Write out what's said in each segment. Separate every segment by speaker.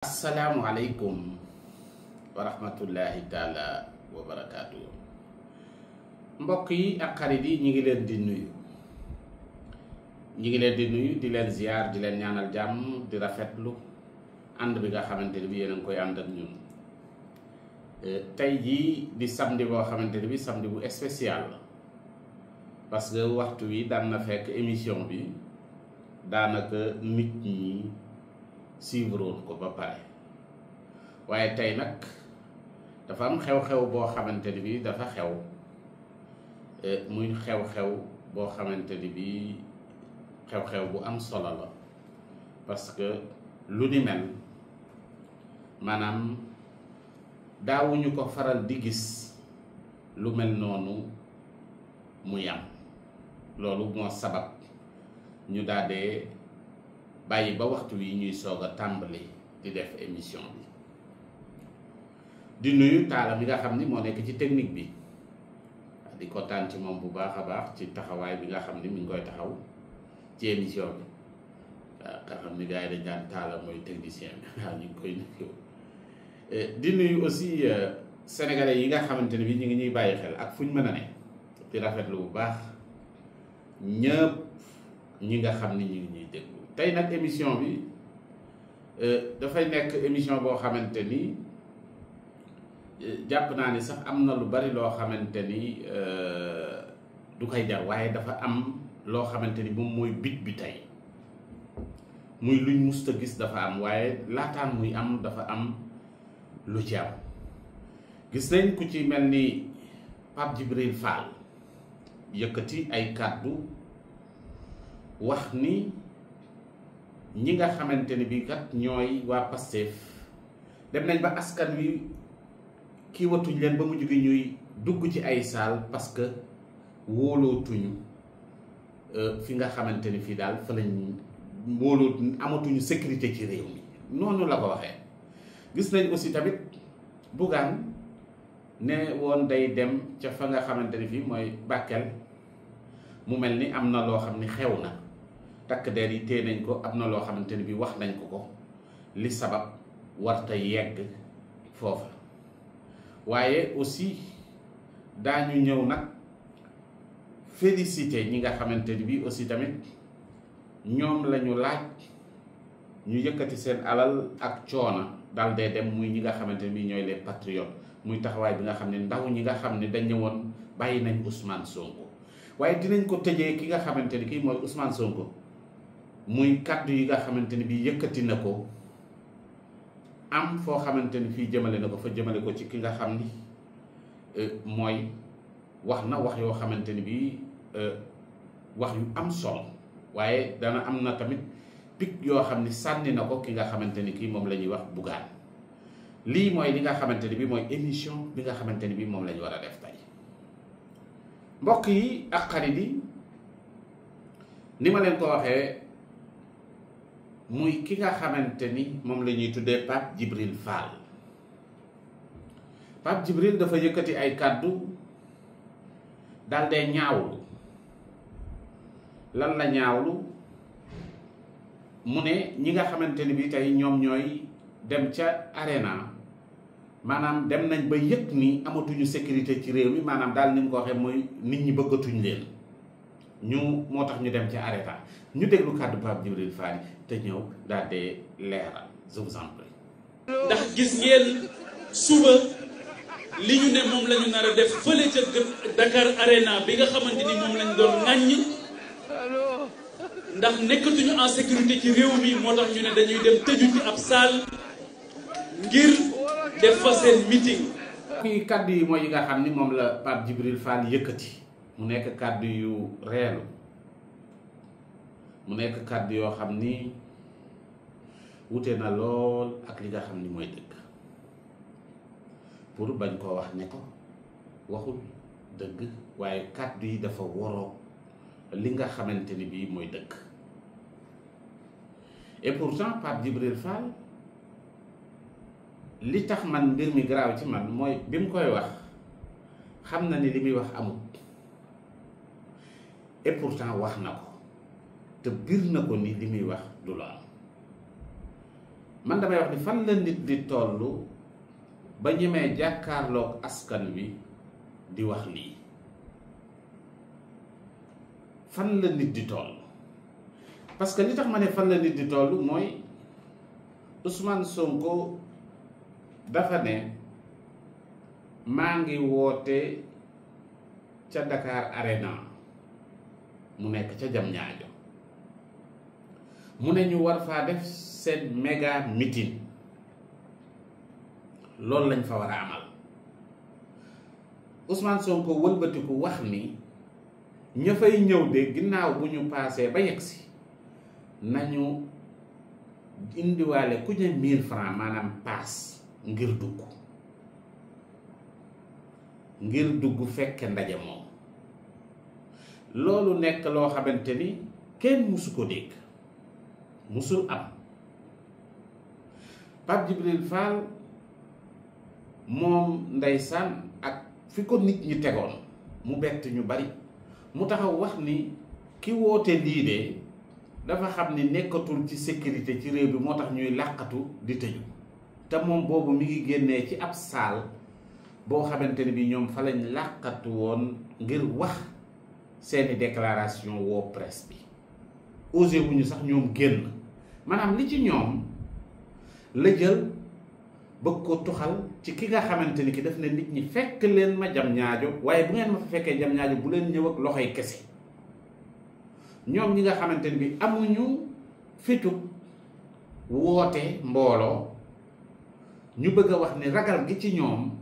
Speaker 1: asalaamualeykum wa rahmatullahi taala wa mbokk yi ak xarit yi ñi ngi leen di nuyu ñi ngi leen di nuyu di leen ziyaar di leen ñaanal jàmm di rafetlu ànd bi nga xamante ne bi yéen koy ànd ak ñun euh, tey jii di samedi boo xamante ne bi samedi bu spécial parce que waxtu wi daan na fekk émission bi daanaka nit ñi suivroon ko ba pare waaye tey nag dafa am xew-xew boo xamante ni bi dafa xew eh, muy xew-xew boo xamante ni bi xew-xew bu am solo la parce que lu ni mel maanaam daawuñu ko faral di gis lu mel noonu mu yam loolu moo sabab ñu daadee bàyyi ba waxtu yi ñuy soog a tàmbali di def émission bi di nuyu taala mi nga xam ni moo nekk ci technique bi di kontaan ci moom bu baax a baax ci taxawaay bi nga xam ni mi ngi koy taxaw ci émission bi nga xam ni gars yi dañ daan taala mooy technicien bi waaw ñu ngi koy nuyu eh, di nuyu aussi euh, sénégalais yi nga xamante ne bi ñu ngi ñuy bàyyi xel ak fu ñu mën a ne di lu bu baax ñëpp ñi nga xam ni ñu ngi ñuy dégg tey nag émission bi euh, dafay nekk émission boo xamante ni euh, jàpp naa ni sax am na lu bari loo xamante ni euh, du koy jar waaye dafa am loo xamante ni moom mooy bit bi tey muy luñ musta gis dafa am waaye laataan muy am dafa am lu ci am gis nañ ku ci mel ni Pape Djibril Fall yëkkati ay kàddu wax ni ñi nga xamante ne bi kat ñooy waa Pastef dem nañ ba askan wi kii watuñ leen ba mujj gi ñuy dugg ci ay saal parce que wóolootuñu euh, fi nga xamante ne fii daal fa lañ wóoloo amatuñu sécurité ci réew mi noonu la ko waxee gis nañ aussi tamit Bougane ne woon day dem ca fa nga xamante ne fii mooy Bakel mu mel ni am na loo xam ni xew na takk der yi téye nañ ko am na loo xamante ni bi wax nañ ko ko li sabab warta yegg foofa waaye aussi daañu ñëw nag félicité ñi nga xamante ni bi aussi tamit ñoom lañu laaj ñu yëkkati seen alal ak coona dal dee dem muy ñi nga xamante ni bi ñooy les patriotes muy taxawaay bi nga xam ne ndaw ñi nga xam ne dañ ñëwoon bàyyi nañ Ousmane Sonko waaye dinañ ko tëjee ki nga xamante kii mooy Ousmane Sonko muy kàddu yi nga xamante ni bi yëkkati na ko am foo xamante ni fii jëmale na ko fa jëmale ko ci ki nga xam ni euh, mooy wax na wax yoo xamante ni bi euh, wax yu am solo waaye dana am na tamit picc yoo xam ni sànni na ko ki nga xamante ni kii moom la ñuy wax bugaan lii mooy li nga xamante ni bi mooy émission bi nga xamante ni bi moom la ñu war a def tey mbokk yi ak xarit yi ni ma leen ko waxee muy ki nga xamante ni moom la ñuy tuddee Pape Djibril Fall Pape Djibril dafa yëkkati ay kàddu daldee ñaawlu lan la ñaawlu mu ne ñi nga xamante ni bi tey ñoom ñooy dem ca arena maanaam dem nañ ba yëg ni amatuñu sécurité ci réew mi maanaam daal ni mu ko waxee mooy nit ñi bëggatuñ leen ñu moo tax ñu dem ci arrêta ñu déglu kàddu Pape Djibril Fall te ñëw daal di leeral je vous
Speaker 2: ndax gis ngeen suba li ñu ne moom la ñu nar a def fële ca Dakar Arena bi nga xamante ni moom lañ doon ŋàññ ndax nekkatuñu en sécurité ci réew mi moo tax ñu ne dañuy dem tëju ci ab salle ngir def fa meeting.
Speaker 1: kii kàddu yi mooy yi nga xam ni moom la Pape Djibril Fall yëkkati. mu nekk kàddu yu reelu mu nekk kàddu yoo xam ni wute na lool ak li nga xam ni mooy dëgg pour bañ koo wax ni ko waxul dëgg waaye kàddu yi dafa waroo li nga xamante ni bii mooy dëgg et pourtant Pape Djibril Fall li tax man mbir mi garaaw ci man mooy bi mu koy wax xam na ni li muy wax amut et pourtant wax na ko te biir na ko ni li muy wax du la am man damay wax ni fan la nit di toll ba ñemee jàkkaarloog askan wi di wax lii fan la nit di toll parce que li tax ma ne fan la nit di toll mooy Ousmane Sonko dafa ne maa ngi woote ca Dakar Arena mu nekk ca jam ñaajo mu ne ñu war faa def seen méga meeting loolu lañ fa war a amal Ousmane Sonko wëlbatiku wax ni ña fay ñëw de ginnaaw bu ñu paasee ba yegg si nañu indiwaale ku ne 1000 francs maanaam paas ngir dugg ngir dugg fekke ndaje moom loolu nekk loo xamante ni kenn musu ko dégg musul am Pape Djibril Fall moom ndeysaan ak fi ko nit ñi tegoon mu bett ñu bari mu taxaw wax ni ki woote lii de dafa xam ni nekkatul ci sécurité ci réew bi moo tax ñuy làqatu di tëju te moom boobu mi ngi génnee ci ab saal boo xamante ni bi ñoom fa lañ làqatu woon ngir wax seeni déclaration woo presse bi osé wuñu sax ñoom génn maanaam li ci ñoom la jël bëgg ko tuxal ci ki nga xamante ni ki daf ne nit ñi fekk leen ma jam ñaajo waaye bu ngeen ma fa fekkee jam ñaajo bu leen ñëw ak loxoy kese ñoom ñi nga xamante ni bi amuñu fitu woote mbooloo ñu bëgg a wax ne ragal gi ci ñoom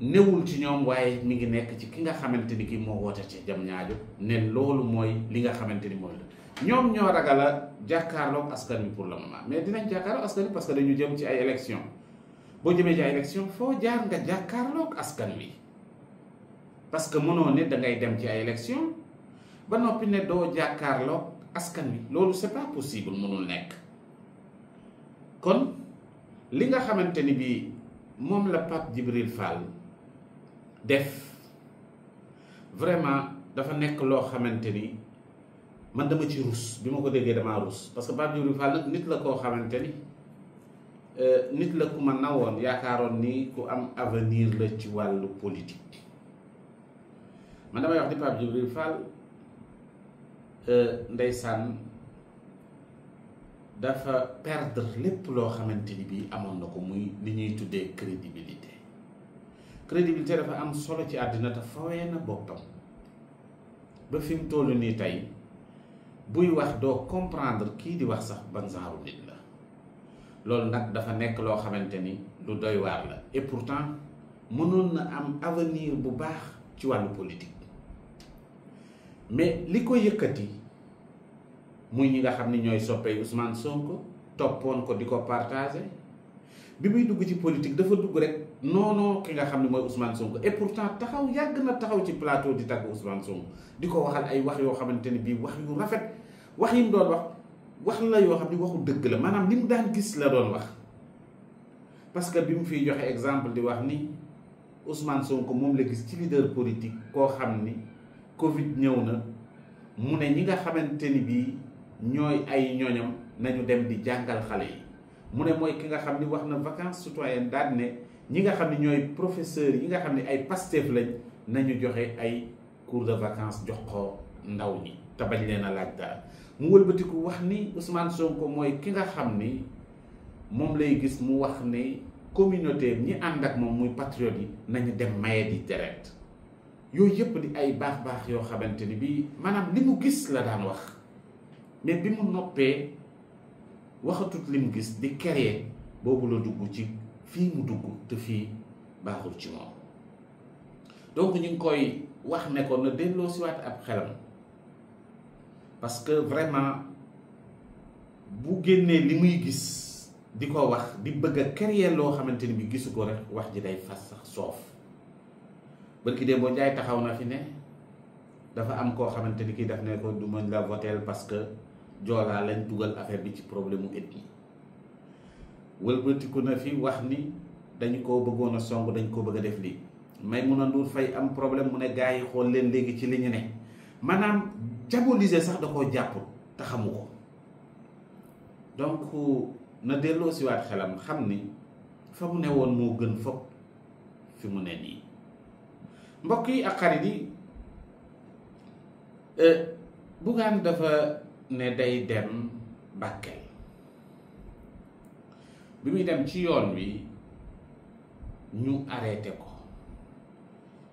Speaker 1: newul ci ñoom waaye mi ngi nekk ci ki nga xamante ni kii moo woote ci jam ñaajo ne loolu mooy li nga xamante ni mooy ñoom ñoo ragal a askan wi pour le moment mais dinañ jàkkaarloog askan wi parce que dañu jëm ci ay élection boo jëmee ci ay foo jaar nga askan wi parce que mënoo ne da dem ci ay élection ba noppi ne doo jàkkaarloog askan wi loolu c'est pas possible nekk kon li nga xamante ni bii moom la Pape Djibril Fall def vraiment dafa nekk loo xamante ni man dama ci rus bi ma ko déggee damaa rus parce que Pape Djibril Fall nag nit la koo xamante ni euh, nit la ku ma nawoon yaakaaroon ni ku am avenir la ci wàllu politique man damay wax di Pape Djibril Fall euh, ndeysaan dafa perdre lépp loo xamante ni bii amoon na ko muy li ñuy tuddee crédibilité crédibilité dafa am solo ci àddina te fawee na boppam ba fi mu toll nii tey buy wax doo comprendre kii di wax sax ban genre nit la loolu nag dafa nekk loo xamante ni lu doy waar la et pourtant mënul na am avenir bu baax ci wàllu politique mais li ko yëkkati muy ñi nga xam ni ñooy soppee Ousmane Sonko toppoon ko di ko partagé bi muy dugg ci politique dafa dugg rek. noonu ki nga xam ne mooy Ousmane Sonko et pourtant taxaw yàgg na taxaw ci plateau di tàgg Ousmane Sonko di ko waxal ay wax yoo xamante ne bii wax yu rafet wax yi mu doon wax wax la yoo xam ne waxu dëgg la maanaam li mu daan gis la doon wax que bi mu fiy joxe exemple di wax ni Ousmane Sonko moom la ci leader politique koo xam ni Covid ñëw na mu ne ñi nga xamante ni bii ñooy ay ñoñam nañu dem di jàngal xale yi mu ne mooy ki nga xam ni wax na vacances citoyennes daan ne. ñi nga xam ne ñooy professeur yi nga xam ne ay Pastef lañ nañu joxe ay cours de vacances jox ko ndaw ñi te bañ leen a laaj mu wëlbatiku wax ni Ousmane Sonko mooy ki nga xam ni moom lay gis mu wax ni communauté ñi ànd ak moom muy patriote yi nañu dem maye di deret yooyu yëpp di ay baax-baax yoo xamante ni bii maanaam li mu gis la daan wax mais bi mu noppee waxatut li mu gis di créer boobu la dugg ci fii mu dugg te fii baaxul ci moom donc ñu ngi koy wax ne ko na delloo siwaat ab xelam parce que vraiment bu génnee li muy gis di ko wax di bëgg a créer loo xamante ni bi gisu ko rek wax ji day fas sax soof bërki dee boo jaay taxaw na fi ne dafa am koo xamante kii daf ne ko du ma la voter parce que joolaa lañ dugal affaire bi ci problème mu ethnie wëlbatiku na fi wax ni dañu koo bëggoon a song dañ koo bëgg a def lii mun a Ndour fay am problème mu ne gars yi xool leen léegi ci li ñu ne maanaam diaboliser sax da koo jàpp te xamu ko donc na delloo si waat xelam xam ni fa mu ne woon moo gën foog fi mu ne nii mbokk yi ak xarit yi euh, Bougane dafa ne day dem Bakel bi muy dem ci yoon wi ñu arrêté ko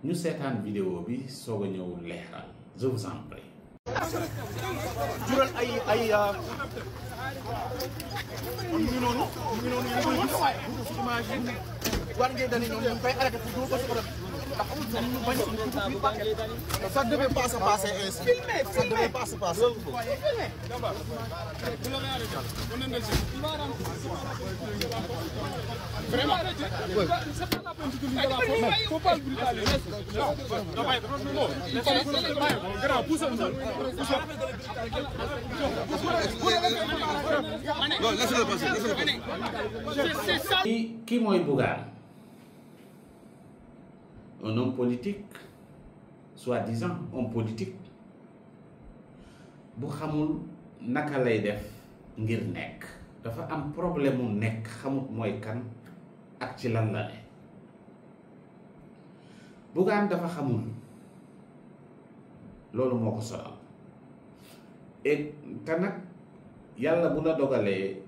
Speaker 1: ñu seetaan vidéo bi soog a ñëw leeral je vous en prie.
Speaker 2: ay ay kon ñu noonu ñu noonu ñu koy gis war ngeen dani ñoom ñu koy arrêté pour dugg ko si ndax amul sax ñu bañ a ñu paquet ça devait pas se passer ainsi. filmé filmé ça devait pas se passer. vraiment. faut pas brutaliser.
Speaker 1: kii mooy Bougane un homme politique soi-disant homme politique bu xamul naka lay def ngir nekk dafa am problème mu nekk xamut mooy kan ak ci lan la ne Bougane dafa xamul loolu moo ko sonal et te nag yàlla bu la dogalee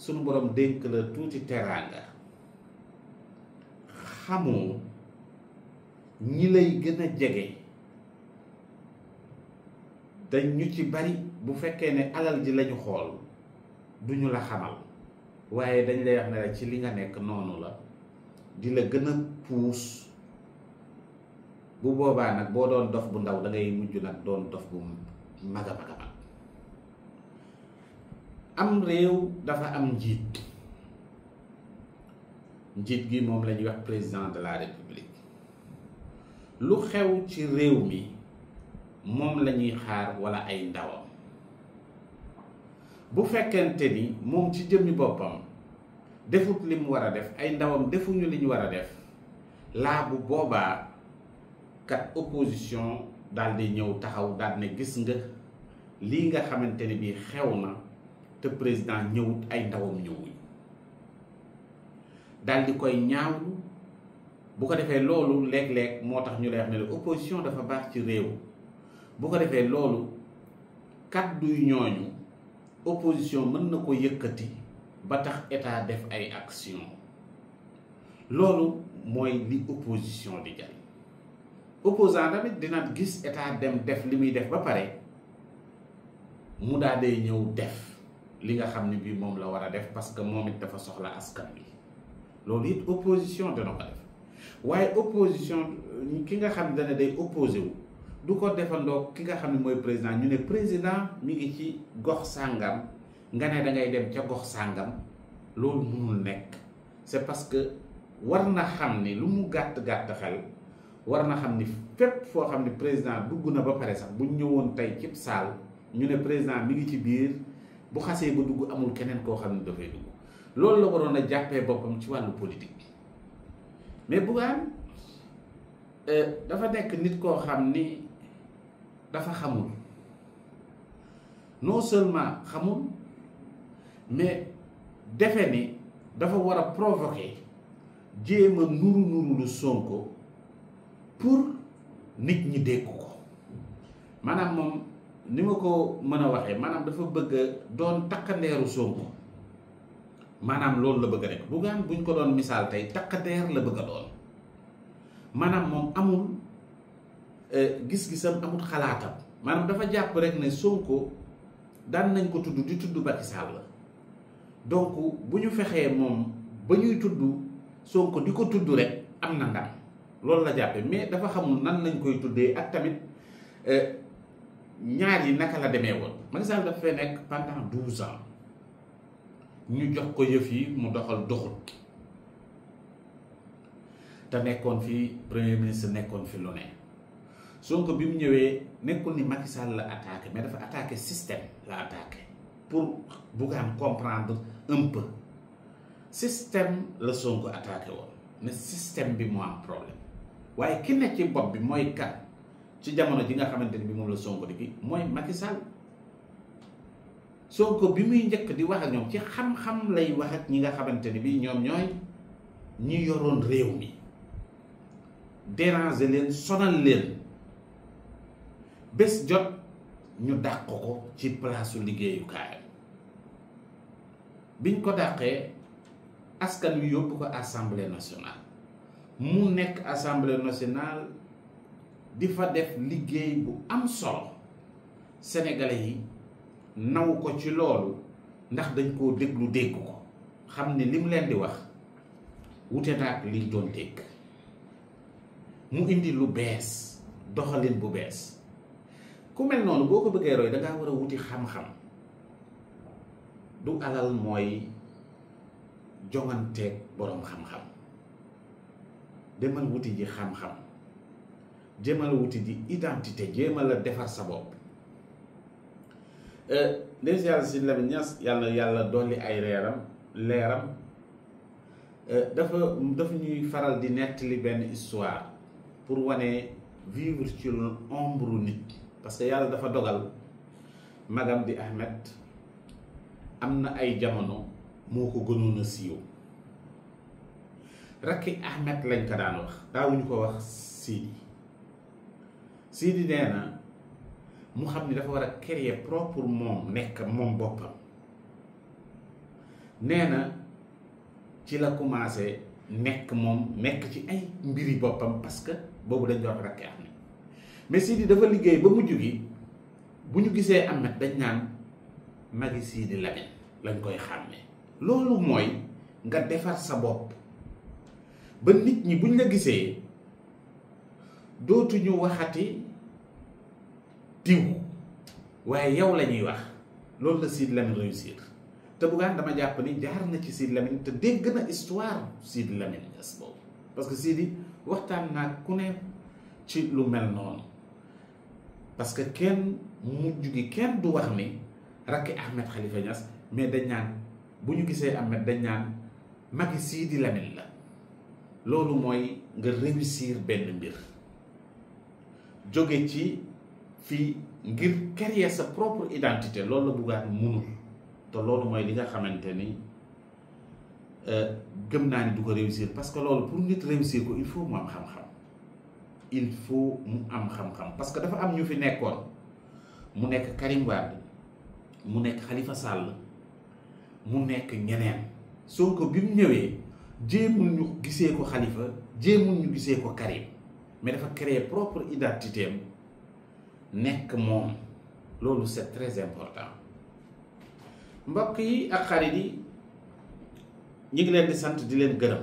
Speaker 1: sunu borom dénk la tuuti teraanga xamoo ñi lay gën a jege te ñu ci bari bu fekkee ne alal ji lañu xool duñu la xamal waaye dañ lay wax ne la ci li nga nekk noonu la di la gën a puus bu boobaa nag boo doon dof bu ndaw da ngay mujj nag doon dof bu mag a mag am réew dafa am njiit njiit gi moom la ñuy wax président de la république lu xew ci réew mi moom lañuy xaar wala ay ndawam bu fekkente ni moom ci jëmmi boppam defut li mu war a def ay ndawam defuñu li ñu war a def laa bu boobaa kat opposition daal ñëw taxaw daal ne gis nga lii nga xamante ni bii xew na te président ñëwut ay ndawam ñëwuñ daal koy ñaawlu bu ko defee loolu léeg-léeg moo tax ñu lay wax ne la opposition dafa baax ci réew bu ko defee loolu kàdduy ñooñu opposition mën na ko yëkkati ba tax état def ay action loolu mooy li opposition di jal opposant tamit dina gis état dem def li muy def ba pare mu daa dee ñëw def li nga xam ne bii moom la war a def parce que moom it dafa soxla askan bi loolu it opposition dana ko def waaye opposition euh, ki nga xam ne dana day opposé wu du ko defandoo ki nga xam ne mooy président ñu ne président mi ngi ci gox sàngam nga ne dangay dem ca gox sàngam loolu mënul nekk c'est parce que war na xam ni lu mu gàtt-gàtt xel war na xam ni fépp foo xam ne président dugg na ba pare sax bu ñëwoon tey cib saal ñu ne président mi ngi ci biir bu xasee ba dugg amul keneen koo xam ne dafay dugg loolu la waroon a jàppee boppam ci wàllu politique mais Bougane euh, dafa nekk nit koo xam ni dafa xamul non seulement xamul mais defe ni dafa war a provoquer jéem a nuru nuru lu Sonko pour nit ñi dégg ko maanaam moom ni ma ko mën a waxee maanaam dafa bëgg a doon takkandeeru Sonko maanaam loolu la bëgg a nekk bu buñ ko doon misaal tey takkadeer la bëgg a doon maanaam moom amul euh, gis-gisam amul xalaatam maanaam dafa jàpp rek ne Sonko daan nañ ko tudd di tudd Macky Sall la donc bu ñu fexee moom ba ñuy tudd Sonko di ko tudd rek am na loolu la jàppe mais dafa xamul nan lañ koy tuddee ak tamit euh, ñaar yi naka la demee woon Macky Sall nekk pendant douze ñu jox ko yëf yi mu doxal doxut te nekkoon fi premier ministre nekkoon fi lu ne Sonko bi mu ñëwee nekkul ni Macky Sall la attaqué mais dafa attaqué système la attaqué pour Bougane comprendre un peu système la Sonko attaqué woon ne système bi moo am waaye ki ne bi mooy kat jamono ji nga xamante ni bi moom la Sonko di kii mooy Macky Sonko bi muy njëkk di wax ak ñoom ci xam-xam lay wax ak ñi nga xamante ni bi ñoom ñooy ñi yoroon réew mi déranger leen sonal leen bés jot ñu dàq ko ci palaasu liggéeyukaayam biñ ko dàqee askan wi yóbbu ko assemblée nationale mu nekk assemblée nationale di fa def liggéey bu am solo sénégalais yi naw ko ci loolu ndax dañ koo déglu dégg ko xam ne li mu leen di wax wute naa ak liñ doon dégg mu indi lu bees doxalin bu bees ku mel noonu boo ko bëggee roy dangaa war a wuti xam-xam du alal mooy joŋanteeg boroom xam-xam demal wuti ji xam-xam jéemal wuti ji identité jéemal a defar sa bopp ndem euh, si yàlla si yàlla yàlla dolli ay reeram leeram euh, dafa dafa ñuy faral di nettali benn histoire pour wane vivre ci l'ombre nit parce que yàlla dafa dogal magam di Ahmed am na ay jamono moo ko gënoon siiw rakki Ahmed lañ ko daan wax daawuñu ko wax Sidi Sidi nee na mu xam ni dafa war a créer propre moom nekk moom boppam nee na ci la commencé nekk moom nekk ci ay mbiri boppam parce que boobu dañ doon rakk am mais Sidi dafa liggéey ba mujj gi bu ñu gisee am na dañ naan magi Sidi Lamine lañ koy xàmmee loolu mooy nga defar sa bopp ba nit ñi buñ la gisee dootuñu waxati diw waaye yow la ñuy wax loolu la Sidy Lamine réussir te buggaan dama jàpp ni jaar na ci Sidy Lamine te dégg na histoire Sidy Lamine Niass boobu parce que Sidy waxtaan naa ku ne ci lu mel noonu parce que kenn mujj gi kenn du wax ni rakki Ahmed Khalifa Niass mais dañ naan bu ñu gisee Ahmed dañ naan magi Sidy Lamine la loolu mooy nga réussir benn mbir jóge ci fii ngir créer sa propre identité loolu la buggaat munul te loolu mooy li nga xamante ni euh, gëm naa ni du ko réussir parce que loolu pour nit réussir ko il faut mu am xam-xam il faut mu am xam-xam parce que dafa am ñu fi nekkoon mu nekk Karim Wade mu nekk Khalifa Sall mu nekk ñeneen soo ko bi mu ñëwee jéemul ñu gisee ko xalifa jéemul ñu gisee ko Karim mais dafa créer propre identité nekk moom loolu c'est très important mbokk yi ak xarit yi ñu leen di sant di leen gërëm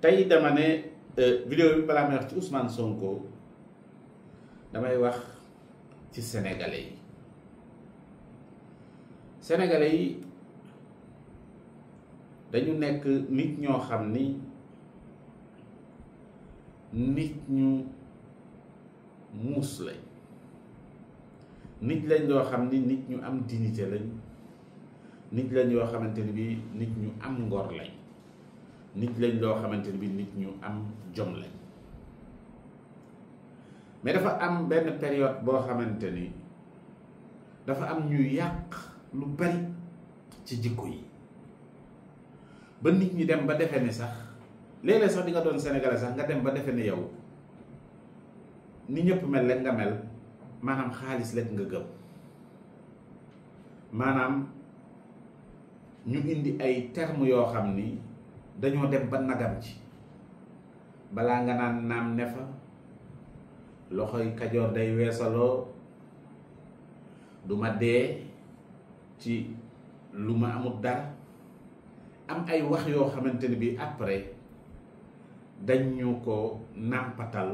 Speaker 1: tey dama ne euh, vidéo bi balaa may wax ci Ousmane Sonko damay wax ci sénégalais yi sénégalais yi dañu nekk nit ñoo xam ni nit ñu muus lañ nit lañ loo xam ni nit ñu am dignité lañ nit lañ yoo xamante ni bi nit ñu am ngor lañ nit lañ loo xamante ni bi nit ñu am jom lañ mais dafa am benn période boo xamante ni dafa am ñu yàq lu bari ci jikko yi ba nit ñi dem ba defe ni sax léeg-léeg sax di nga doon senegale sax nga dem ba defe ni yow ni ñëpp mel rek nga mel maanaam xaalis rek nga gëm maanaam ñu indi ay termes yoo xam ni dañoo dem ba nagam ci balaa nga naan naam ne fa loxoy kajoor day weesaloo du ma dee ci lu ma amul dara am ay wax yoo xamante ne bi après dañ ñu ko nàmpatal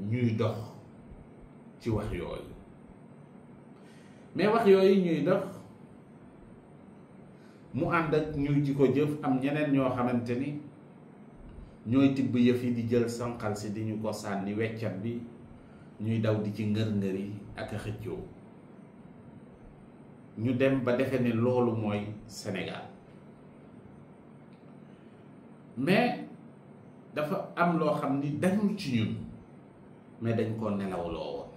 Speaker 1: ñuy dox ci wax yooyu mais wax yooyu ñuy dox mu ànd ak ñu di ko jëf am ñeneen ñoo xamante ni ñooy tibb yëf yi di jël sanqal si di ñu ko sànni weccat bi ñuy daw di ci ngër-ngër yi ak a xëccoo ñu dem ba defe ne loolu mooy senegal mais dafa am loo xam ni dañul ci ñun mais dañ ko nelawloo woon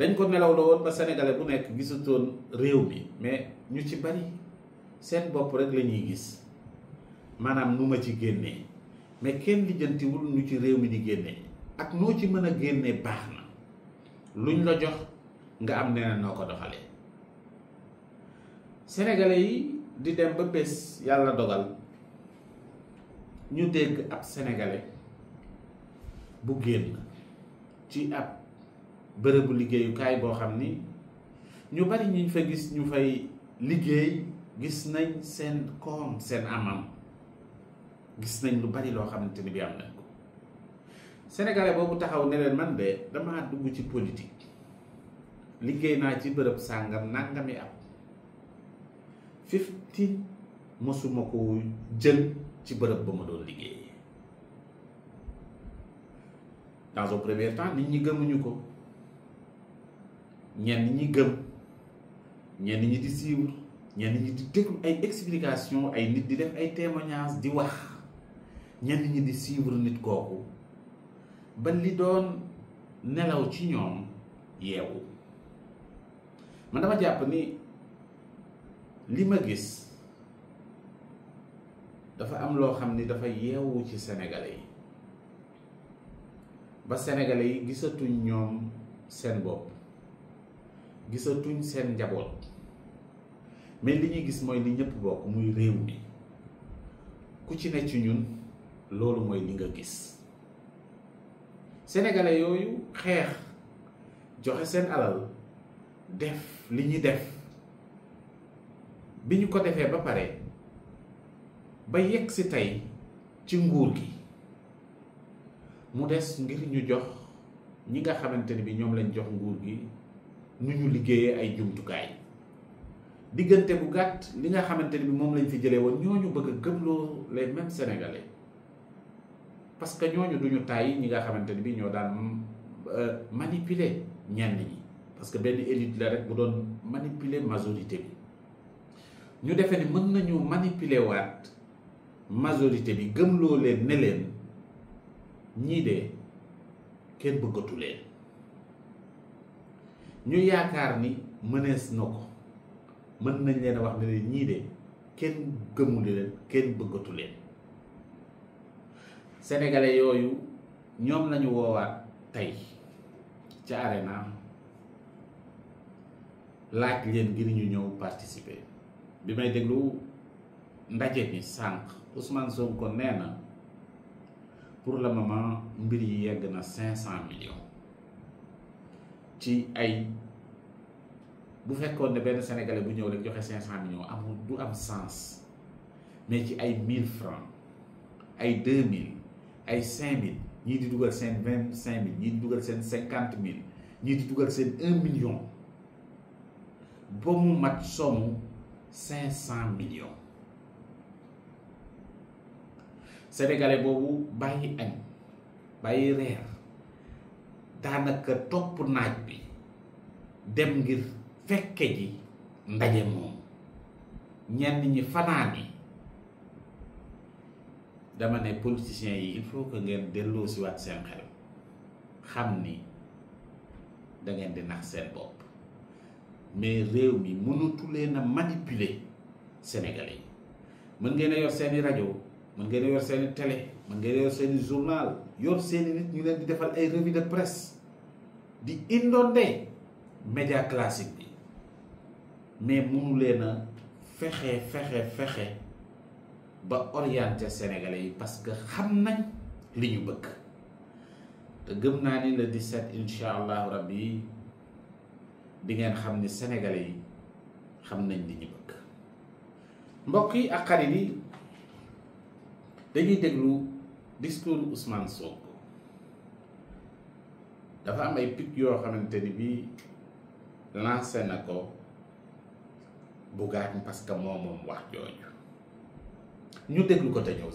Speaker 1: dañ ko nelawloo woon ba sénégalais bu nekk gisutoon réew mi mais ñu ci bari seen bopp rek lañuy gis maanaam nu ma ci génnee mais kenn lijjantiwul nu ci réew mi di génnee ak noo ci mën a génnee baax na luñ la jox nga am neneen noo ko doxalee sénégalais yi di dem ba bés yàlla dogal ñu dégg ab sénégalais bu génn ci ab bërëbu liggéeyukaay boo xam ni ñu bari ñu fa gis ñu fay liggéey gis nañ seen koom seen amam gis nañ lu bari loo xamante ni bi am nañ ko sénégalais boobu taxaw ne leen man de damaa dugg ci politique liggéey naa ci bërëb sàngam nangami ab fifty mosuma ko jël ci bërëb ba ma doon liggéey dans un premier temps nit ñi gëmuñu ko ñenn ñi gëm ñenn ñi di suivre ñenn ñi di déglu ay explication ay nit di def ay témoignages di wax ñenn ñi di suivre nit kooku ba li doon nelaw ci ñoom yeewu man dama jàpp ni li ma gis dafa am loo xam ni dafa yeewu ci sénégalais yi ba sénégalais yi gisatuñ ñoom seen bopp gisatuñ seen njaboot mais li ñuy gis mooy li ñëpp bokk muy réew mi ku ci ne ci ñun loolu mooy li nga gis sénégalais yooyu xeex joxe seen alal def li ñuy def bi ñu ko defee ba pare ba yegg si tey ci nguur gi mu des ngir ñu jox ñi nga xamante ne bi ñoom lañ jox nguur gi nu ñu liggéeyee ay jumtukaay diggante bu gàtt li nga xamante ne bi moom lañ fi jëlee woon ñooñu bëgg a gëmloo les mêmes sénégalais parce que ñooñu duñu tàyyi ñi nga xamante ne bi ñoo daan euh, manipuler ñenn ñi parce que benn élite la rek bu doon manipuler majorité bi ñu defee ni mën nañu manipuler waat majorité bi gëmloo leen ne ñii de kenn bëggatu leen ñu yaakaar ni mënees na ko mën nañ leen wax ne leen ñii de kenn gëmu leen kenn bëggatu leen senegale yooyu ñoom lañu woowaat tey ca arena laaj leen ngir ñu ñëw participer bi may déglu ndaje bi sànq Ousmane Sonko nee na pour le moment mbir yi yegg na cinq cent millions ci ay bu fekkoon ne benn sénégalais bu ñëw rek joxe cinq cent millions amul du am sens mais ci ay mille francs ay deux mille ay cinq mille ñii di dugal seen vingt cinq mille ñii di dugal seen cinquante mille ñii di dugal seen un million ba mu mat somme cinq cent millions sénégalais boobu bàyyi añ bàyyi reer daanaka topp naaj bi dem ngir fekke ji ndaje moom ñenn ñi fanaani dama ne politiciens yi il faut que ngeen delloo si waat seen xel xam ni dangeen di nax seen bopp mais réew mi mënatu leen a manipuler sénégalais yi mën ngeen a yor seeni rajo mu ngeen yor seen tele télé mën ngeen yor seen i journal yor seen nit ñu leen di defal ay revue de presse di inondé média classique bi mais mënu leen a fexe fexe fexe ba orienté Sénégalais yi parce que xam nañ li ñu bëgg te gëm naa ni di 17 incha allahu rabbi yi dingeen xam ni Sénégalais yi xam nañ li ñu bëgg mbokk ak xarit yi. dañuy déglu discours Ousmane Sonko dafa am ay pic yoo xamante ni bii lancé na ko Bougane parce que moom moom wax jooju
Speaker 2: ñu déglu ko te ñëw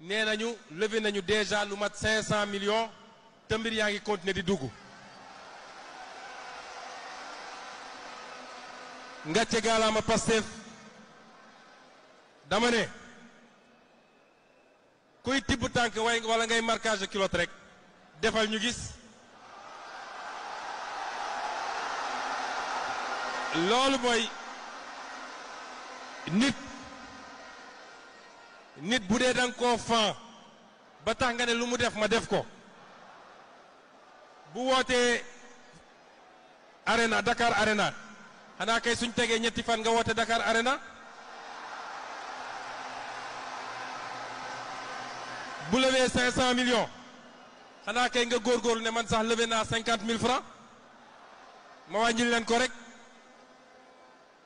Speaker 2: nee nañu levé nañu déjà lu mat cinq cent millions te yaa ngi continuer di dugg. nga ce gaalaama Pastef dama ne. kuy tibb tànk way wala ngay marquage culotte rek defal ñu gis loolu mooy nit nit bu dee danga koo fan ba tax nga ne lu mu def ma def ko bu wootee arena Dakar arena xanaa kay suñ tegee ñetti fan nga woote Dakar arena bu levee cinq cent millions xanaa kay nga góorgóorlu ne man sax levé naa cinquante mille francs ma wàññil leen ko rek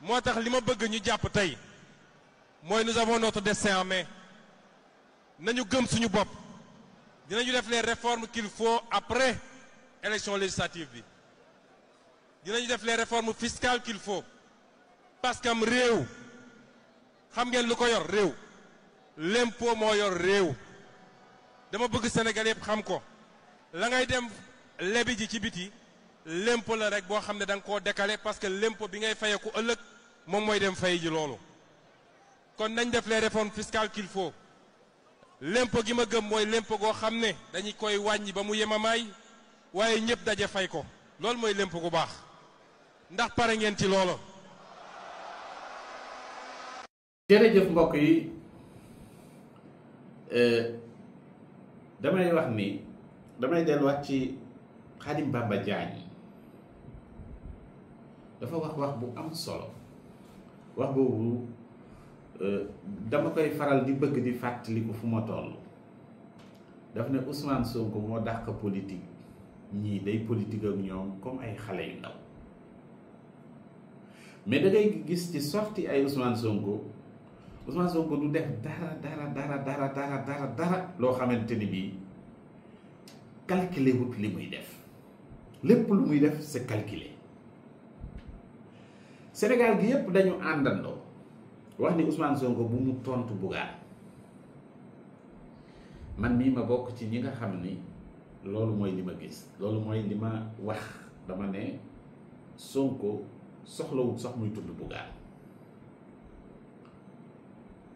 Speaker 2: moo tax li ma bëgg ñu jàpp tey mooy nous avons notre destin en main nañu gëm suñu bopp dinañu def les réformes qu'il faut après élection législative bi dinañu def les réformes fiscales qu'il faut parce que am réew xam ngeen lu ko yor réew lempo moo yor réew dama bëgg senegal yëpp xam ko la ngay dem lebi ji ci biti lémpo la rek boo xam ne da nga koo décalé parce que lémpo bi ngay fayeku ëllëg moom mooy dem fay ji loolu kon nañ def les réformes fiscales qu'il faut gi ma gëm mooy lémpo goo xam ne dañu koy wàññi ba mu yemamaay waaye ñëpp daje fay ko loolu mooy lémpo gu baax ndax pare ngeen ci loolu
Speaker 1: jërëjëf mbokk yi euh, damay wax ni damay wax ci Xaadim Bamba Jaañ dafa wax wax bu am solo wax boobu euh, dama koy faral di bëgg di fàttaliku fu ma toll daf ne Ousmane Sonko moo dàq politique ñii day politique ak ñoom comme ay xale yu ndaw mais da gis ci sorti ay Ousmane Sonko. Ousmane Sonko du def dara dara dara dara dara dara dara loo xamante ni bii calculé wut li muy def lépp lu muy def c'est calculé Sénégal gi yépp dañu àndandoo wax ni Ousmane Sonko bu mu tontu Bougane man mii ma bokk ci ñi nga xam ni loolu mooy li ma gis loolu mooy li ma wax dama ne Sonko soxlawut sox muy tudd Bougane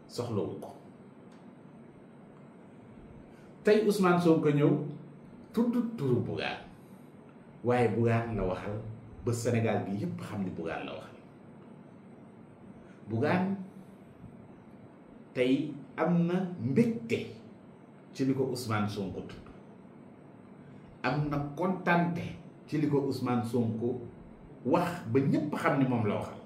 Speaker 1: soxlawu ko tey Ousmane Sonko ñëw tudd turu Bougane waaye Bougane la waxal ba Sénégal bi yépp xam ni Bougane la waxal Bougane tey am na mbégte ci li ko Ousmane Sonko tudd am na kontante ci li ko Ousmane Sonko wax ba ñépp xam ni moom la waxal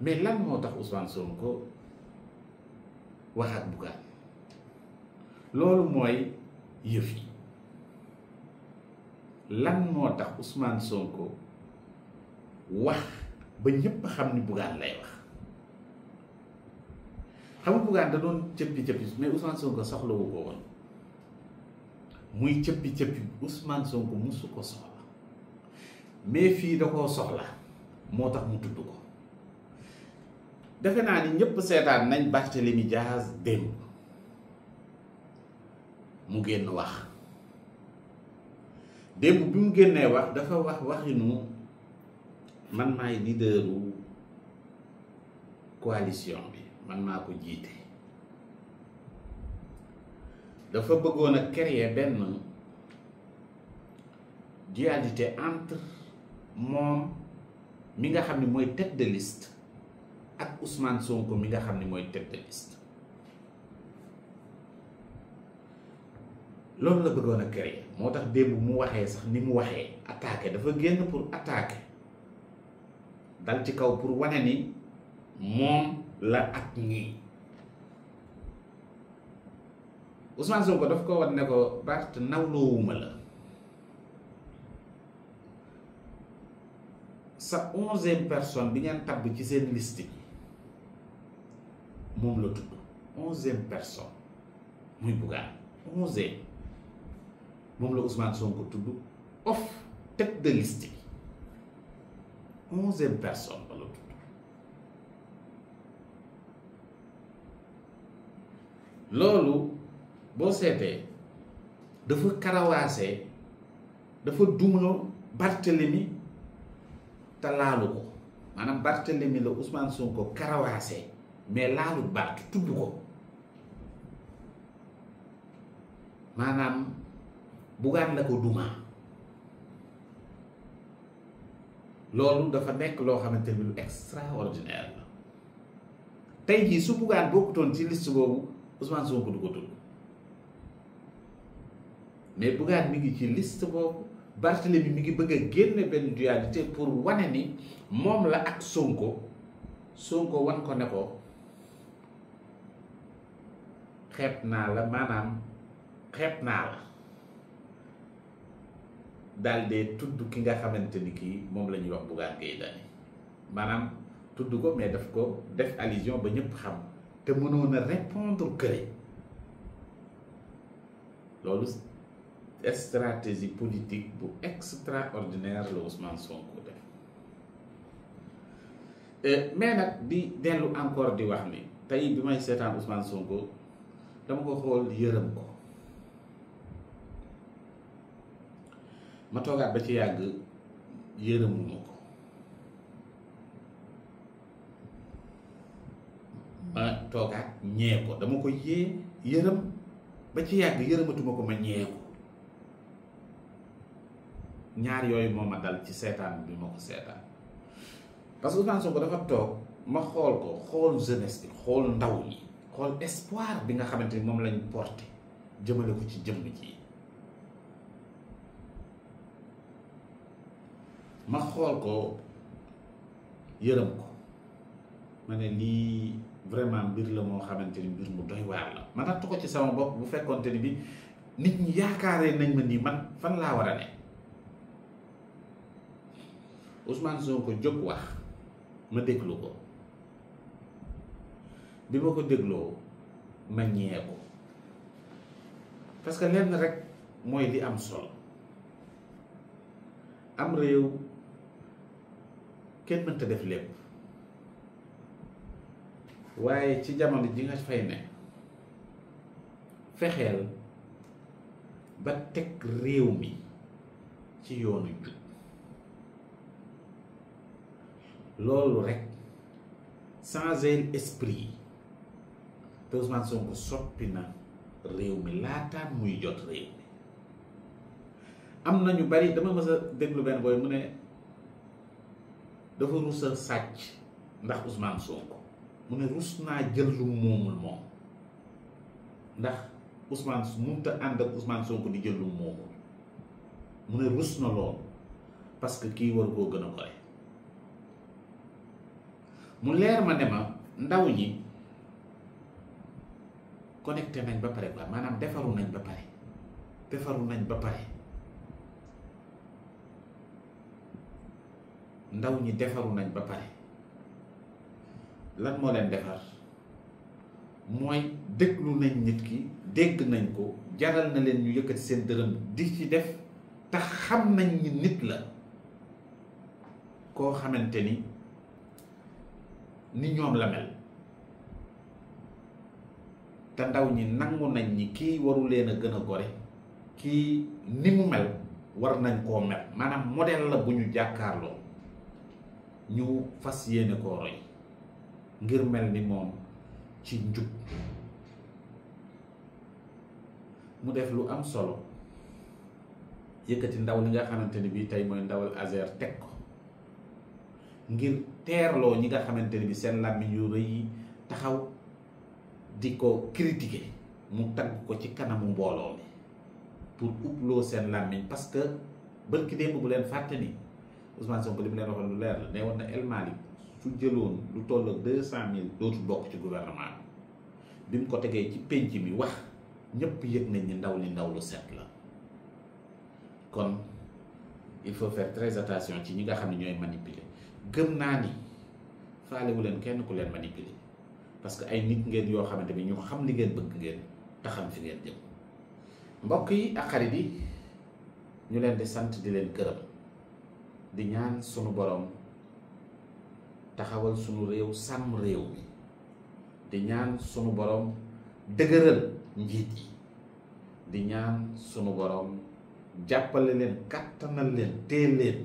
Speaker 1: mais lan moo tax Ousmane Sonko wax ak Bougane loolu mooy yëfi lan moo tax Ousmane Sonko wax ba ñépp xam ni Bougane lay wax xam nga Bougane da doon cëppi cëppi mais Ousmane Sonko soxlawu ko woon muy cëppi cëppi Ousmane Sonko musu ko soxla mais fii da koo soxla moo tax mu tudd ko defe naa ni ñëpp seetaan nañ Barthélemy Diaz démb mu génn wax démb bi mu génnee wax dafa wax waxinu man maay leaderu coalition bi man maa ko jiite dafa bëggoon a créer benn dualité entre moom mi nga xam ne mooy tête de ak Ousmane Sonko mi nga xam ne mooy tête de loolu la bëggoon a créer moo tax démb mu waxee sax ni mu waxee attaqué dafa génn pour attaqué dal ci kaw pour wane ni moom la ak ñii Ousmane Sonko daf ko wan ne ko Bart nawloowuma la sa onzième personne bi ngeen tabb ci seen liste bi moom la tudd onzième personne muy Bougane onzième moom la Ousmane ko tudd off tête de liste bi personne ba la tudd loolu boo seetee dafa karawaase dafa duma Barthélemy te laalu ko maanaam Barthélemy la Ousmane ko karawaase mais laalu baat tudd ko maanaam bugaan la ko dumaa loolu dafa nekk loo xamante ni lu extraordinaire la tey jii su bugaan bokkutoon ci liste boobu Ousmane Sonko du ko tudd mais bugaan mi ngi ci liste boobu bi mi ngi bëgg a génn benn dualité pour wane ni moom la ak Sonko Sonko wan ko ne ko xeeb naa la maanaam xeeb naa la daal tudd ki nga xamante ni kii moom la ñuy wax Bougane Gueye Dany maanaam tudd ko mais daf ko def allusion ba ñëpp xam te mënoon a répondre kële loolu stratégie politique bu extraordinaire la Ousmane Sonko def euh, mais nag di dellu encore di wax ni tey bi may seetaan Ousmane Sonko. dama ko xool yërëm ko ma toogaat ba ci yàgg yërëmuma ko ma toogaat ñee ko dama ko yee yërëm ba ci yàgg yërëmatuma ko ma ñee ko ñaar yooyu moo ma dal ci seetaan bi ma ko seetaan parce que Ousmane Sonko dafa toog ma xool ko xool jeunesse bi xool ndaw ñi xool espoir bi nga xamante ni moom lañu porté jëmale ko ci jëmm ji ma xool ko yërëm ko ma ne lii vraiment mbir la moo xamante ni mbir mu doy waar la ma natt ko ci sama bopp bu fekkonte ni bi nit ñi yaakaaree nañ ma nii man fan laa war a ne Ousmane Sonko jóg wax ma déglu ko bi ma ko dégloo ma ñee ko parce que lenn rek mooy li am sol am réew kenn mënta def lépp waaye ci jamono ji nga fay ne fexeel ba teg réew mi ci yoonu jub loolu rek changer l'esprit te Ousmane Sonko soppi na réew mi laataan muy jot réew mi am na ñu bari dama mës a déglu benn booy mu ne dafa rus sàcc ndax Ousmane Sonko mu ne rus naa jël lu moomul moom ndax Ousmane mënut a ànd ak Ousmane Sonko di jël moomul mu ne rus na loolu parce que kii war koo gën a gore mu leer ma ne ma ndaw ñi. connecté nañ ba pare quoi maanaam defaru nañ ba pare defaru nañ ba pare ndaw ñi defaru nañ ba pare lan moo leen defar mooy déglu nañ nit ki dégg nañ ko jaral na leen ñu yëkkati seen dërëm di ci def tax xam nañ ni nit la koo xamante ni ni ñoom la mel te ndaw ñi nangu nañ ñi kii warul leen a gën a gore kii ni mu mel war nañ koo mel maanaam modèle la bu ñu jàkkaarloo ñu fas yéene koo roy ngir mel ni moom ci njub mu def lu am solo yëkkati ndaw li nga xamante ni bii tey mooy ndawal Azer teg ko ngir teerloo ñi nga xamante ni bi seen làmmiñ yu rëy yi taxaw di ko critiquer mu tagg ko ci kanamu mbooloo mi pour ubloo seen làmmiñ parce que bërki démb bu leen fàtte ni Ousmane Sonko li mu leen waxoon lu leer la ne woon na El su jëloon lu toll deux cent mille dootul bokk ci gouvernement bi bi mu ko tegee ci pénc mi wax ñëpp yëg nañ ni ndaw li ndaw lu set la kon il faut faire très attention ci ñi nga xam ne ñooy manipuler gëm naa ni faalewu leen kenn ku leen manipuler. parce que ay nit ngeen yoo xamante bi ñu xam li ngeen bëgg ngeen te xam fi ngeen jëm mbokk yi ak xarit yi ñu leen di sant di leen gërëm di ñaan sunu borom taxawal réew sàmm réew mi ñaan sunu borom dëgëral njiit yi di ñaan sunu borom jàppale leen kàttanal leen teel leen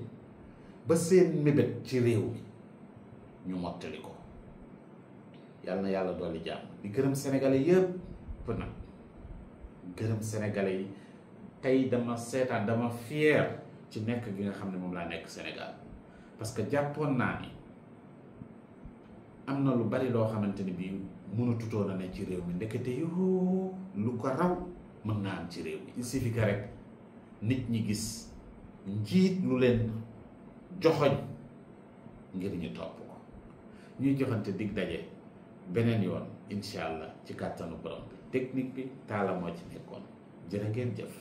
Speaker 1: ba seen mébét ci réew mi ñu mottali ko yàlla na yàlla dolli jàmm di gërëm sénégalais yëpp nag gërëm sénégalais yi tey dama seetaan dama fier ci nekk gi nga xam ne moom laa nekk Sénégal parce que jàppoon naa ni am na lu bari loo xamante ni bii mënu tutoon a ne ci réew mi ndekete yoo lu ko raw mën naa am ci réew mi il suffit nit ñi gis njiit lu leen joxoñ ngir ñu topp ko ñuy joxante dig daje beneen yoon incha allah ci kàttanu borom bi technique bi taala moo ci nekkoon jërë ngeen jëf